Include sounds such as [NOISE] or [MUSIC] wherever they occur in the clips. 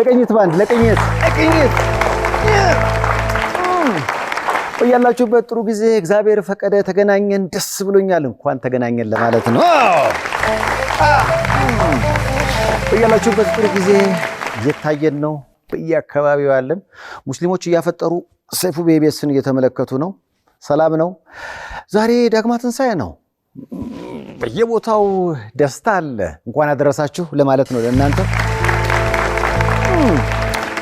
ለቅኝት ባንድ ለቅኝት ለቅኝት ያላችሁበት ጥሩ ጊዜ እግዚአብሔር ፈቀደ፣ ተገናኘን፣ ደስ ብሎኛል። እንኳን ተገናኘን ለማለት ነው። ያላችሁበት ጥሩ ጊዜ እየታየን ነው። በየአካባቢው አለን። ሙስሊሞች እያፈጠሩ ሰይፉ ቤቤስን እየተመለከቱ ነው። ሰላም ነው። ዛሬ ዳግማ ትንሣኤ ነው። በየቦታው ደስታ አለ። እንኳን አደረሳችሁ ለማለት ነው ለእናንተ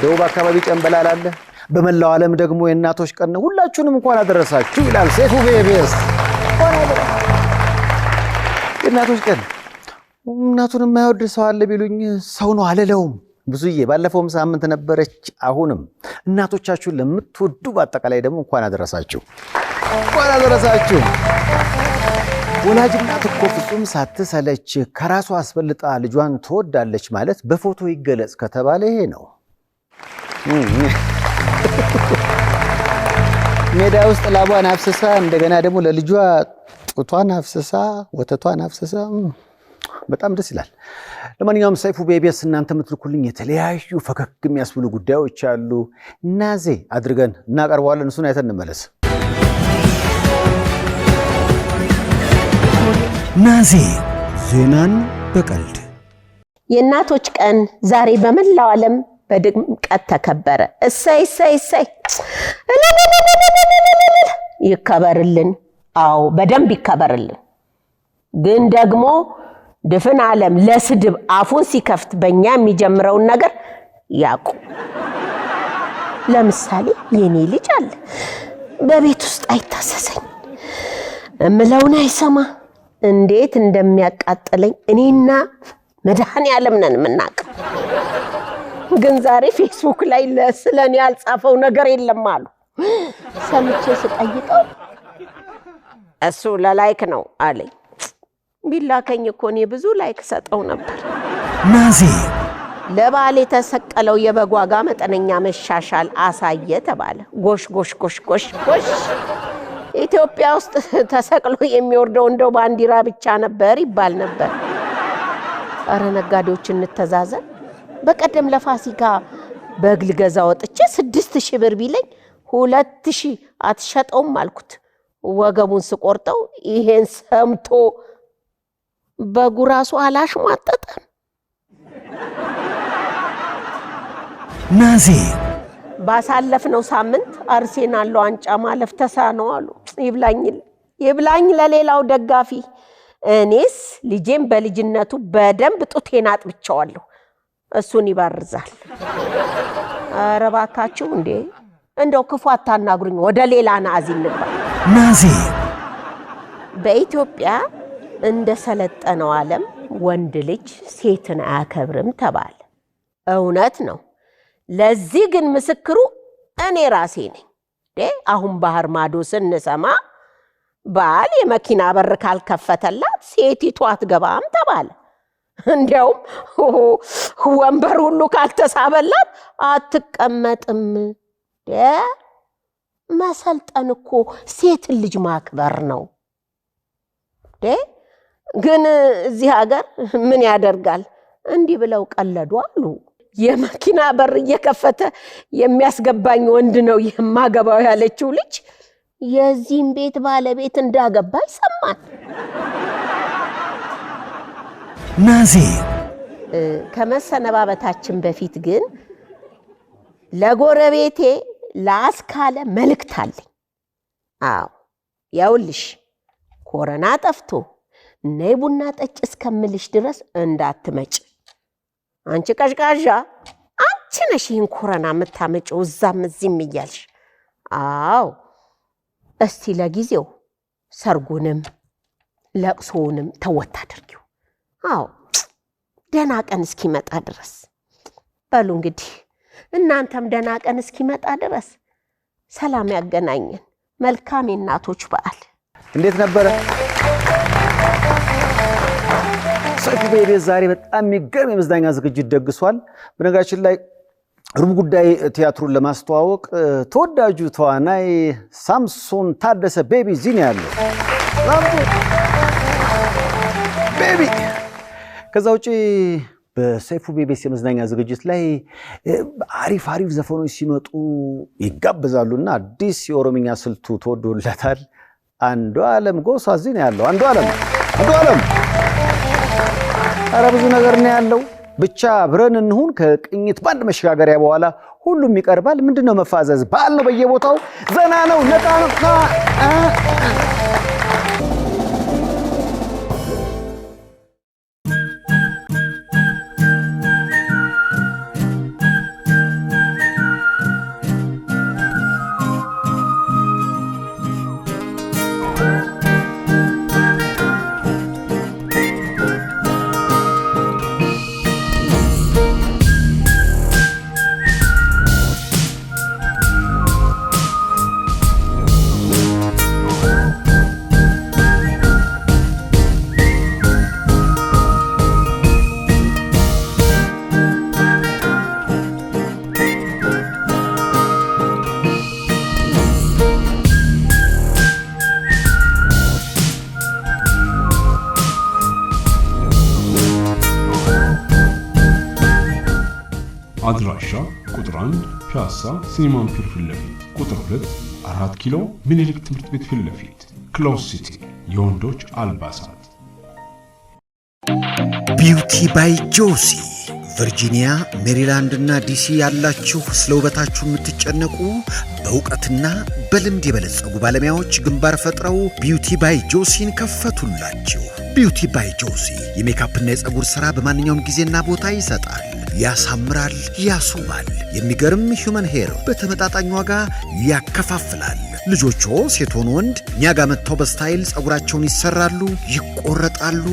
ደቡብ አካባቢ ጨንበላል አለ። በመላው ዓለም ደግሞ የእናቶች ቀን ነው። ሁላችሁንም እንኳን አደረሳችሁ ይላል ሴፉ ቤቤስ የእናቶች ቀን። እናቱን የማይወድ ሰው አለ ቢሉኝ ሰው ነው አልለውም። ብዙዬ ባለፈውም ሳምንት ነበረች። አሁንም እናቶቻችሁን ለምትወዱ በአጠቃላይ ደግሞ እንኳን አደረሳችሁ፣ እንኳን አደረሳችሁ። ወላጅ እናት እኮ ፍጹም ሳትሰለች ከራሷ አስበልጣ ልጇን ትወዳለች ማለት በፎቶ ይገለጽ ከተባለ ይሄ ነው። ሜዳ ውስጥ ላቧን አፍስሳ እንደገና ደግሞ ለልጇ ጡቷን አፍስሳ ወተቷን አፍስሳ በጣም ደስ ይላል። ለማንኛውም ሰይፉ ቤቢስ እናንተ የምትልኩልኝ የተለያዩ ፈገግ የሚያስብሉ ጉዳዮች አሉ። ናዜ አድርገን እናቀርበዋለን። እሱን አይተን እንመለስ። ናዚ ዜናን በቀልድ የእናቶች ቀን ዛሬ በመላው ዓለም በድምቀት ተከበረ። እሰይ እሰይ እሰይ ይከበርልን። አዎ በደንብ ይከበርልን። ግን ደግሞ ድፍን ዓለም ለስድብ አፉን ሲከፍት በእኛ የሚጀምረውን ነገር ያቁ። ለምሳሌ የኔ ልጅ አለ በቤት ውስጥ አይታሰሰኝ እምለውን አይሰማ እንዴት እንደሚያቃጥለኝ እኔና መድኃኔ ዓለም ነን የምናውቀው። ግን ዛሬ ፌስቡክ ላይ ስለ እኔ ያልጻፈው ነገር የለም አሉ። ሰምቼ ስጠይቀው እሱ ለላይክ ነው አለኝ። ቢላከኝ እኮ እኔ ብዙ ላይክ ሰጠው ነበር። ናዜ ለባል የተሰቀለው የበግ ዋጋ መጠነኛ መሻሻል አሳየ ተባለ። ጎሽ ጎሽ ጎሽ ጎሽ ጎሽ ኢትዮጵያ ውስጥ [LAUGHS] ተሰቅሎ የሚወርደው እንደው ባንዲራ ብቻ ነበር ይባል ነበር። እረ ነጋዴዎች እንተዛዘን። በቀደም ለፋሲካ በግ ልገዛ ወጥቼ ስድስት ሺህ ብር ቢለኝ ሁለት ሺህ አትሸጠውም አልኩት። ወገቡን ስቆርጠው ይሄን ሰምቶ በጉ ራሱ አላሽሟጠጠም። ናዚ ባሳለፍነው ሳምንት አርሴናል ዋንጫ ማለፍ ተሳነው አሉ። ይብላኝል ይብላኝ ለሌላው ደጋፊ እኔስ ልጄም በልጅነቱ በደንብ ጡቴን አጥብቸዋለሁ፣ እሱን ይባርዛል። ኧረ እባካችሁ እንዴ እንደው ክፉ አታናግሩኝ። ወደ ሌላ ናዚ እንባል። ናዚ በኢትዮጵያ እንደ ሰለጠነው ዓለም ወንድ ልጅ ሴትን አያከብርም ተባለ። እውነት ነው። ለዚህ ግን ምስክሩ እኔ ራሴ ነኝ። አሁን ባህር ማዶ ስንሰማ ባል የመኪና በር ካልከፈተላት ሴቲቱ አትገባም ተባለ። እንዲያውም ወንበር ሁሉ ካልተሳበላት አትቀመጥም። መሰልጠን እኮ ሴትን ልጅ ማክበር ነው። ግን እዚህ ሀገር ምን ያደርጋል እንዲህ ብለው ቀለዱ አሉ። የመኪና በር እየከፈተ የሚያስገባኝ ወንድ ነው የማገባው ያለችው ልጅ የዚህም ቤት ባለቤት እንዳገባ ይሰማል። ናዚ ከመሰነባበታችን በፊት ግን ለጎረቤቴ ለአስካለ መልእክት አለኝ። አዎ ያውልሽ ኮረና ጠፍቶ ነይ ቡና ጠጭ እስከምልሽ ድረስ እንዳትመጭ አንቺ ቀዥቃዣ፣ አንቺ ነሽ ይህን ኮረና የምታመጪው እዛም እዚህም እያልሽ። አዎ እስቲ ለጊዜው ሰርጉንም ለቅሶውንም ተወት አድርጊው። አዎ ደህና ቀን እስኪመጣ ድረስ በሉ እንግዲህ እናንተም ደህና ቀን እስኪመጣ ድረስ ሰላም ያገናኘን። መልካም የእናቶች በዓል። እንዴት ነበረ? ሰይፉ ቤቤት ዛሬ በጣም የሚገርም የመዝናኛ ዝግጅት ደግሷል። በነገራችን ላይ ሩብ ጉዳይ ቲያትሩን ለማስተዋወቅ ተወዳጁ ተዋናይ ሳምሶን ታደሰ ቤቢ ዚን ያለው። ቤቢ ከዛ ውጪ በሰይፉ ቤቤስ የመዝናኛ ዝግጅት ላይ አሪፍ አሪፍ ዘፈኖች ሲመጡ ይጋበዛሉና አዲስ የኦሮምኛ ስልቱ ተወዶለታል። አንዱ አለም ጎሳ ዚን ያለው። አንዱ አለም አንዱ አለም ኧረ ብዙ ነገር ነው ያለው። ብቻ አብረን እንሁን። ከቅኝት በአንድ መሸጋገሪያ በኋላ ሁሉም ይቀርባል። ምንድነው መፋዘዝ? በዓል ነው፣ በየቦታው ዘና ነው፣ ነቃ ዋሻ፣ ቁጥር 1 ፒያሳ ሲኒማን ፒር ፊት ለፊት፣ ቁጥር 2 አራት ኪሎ ምኒልክ ትምህርት ቤት ፊት ለፊት፣ ክሎዝ ሲቲ የወንዶች አልባሳት፣ ቢውቲ ባይ ጆሲ ቨርጂኒያ፣ ሜሪላንድ እና ዲሲ ያላችሁ ስለ ውበታችሁ የምትጨነቁ በእውቀትና በልምድ የበለጸጉ ባለሙያዎች ግንባር ፈጥረው ቢውቲ ባይ ጆሲን ከፈቱላችሁ። ቢውቲ ባይ ጆሲ የሜካፕና የፀጉር ሥራ በማንኛውም ጊዜና ቦታ ይሰጣል፣ ያሳምራል፣ ያስውባል። የሚገርም ሂውመን ሄር በተመጣጣኝ ዋጋ ያከፋፍላል። ልጆቹ ሴቶን ወንድ እኛ ጋር መጥተው በስታይል ፀጉራቸውን ይሰራሉ፣ ይቆረጣሉ፣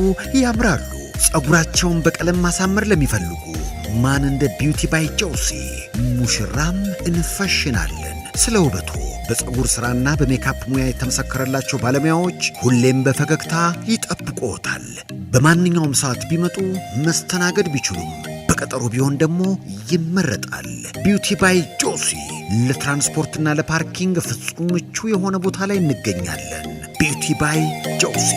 ያምራሉ። ፀጉራቸውን በቀለም ማሳመር ለሚፈልጉ ማን እንደ ቢውቲ ባይ ጆሲ። ሙሽራም እንፈሽናለን ስለ ውበቱ በፀጉር ሥራና በሜካፕ ሙያ የተመሰከረላቸው ባለሙያዎች ሁሌም በፈገግታ ይጠብቆታል። በማንኛውም ሰዓት ቢመጡ መስተናገድ ቢችሉም በቀጠሮ ቢሆን ደግሞ ይመረጣል። ቢዩቲ ባይ ጆሲ ለትራንስፖርትና ለፓርኪንግ ፍጹም ምቹ የሆነ ቦታ ላይ እንገኛለን። ቢዩቲ ባይ ጆሲ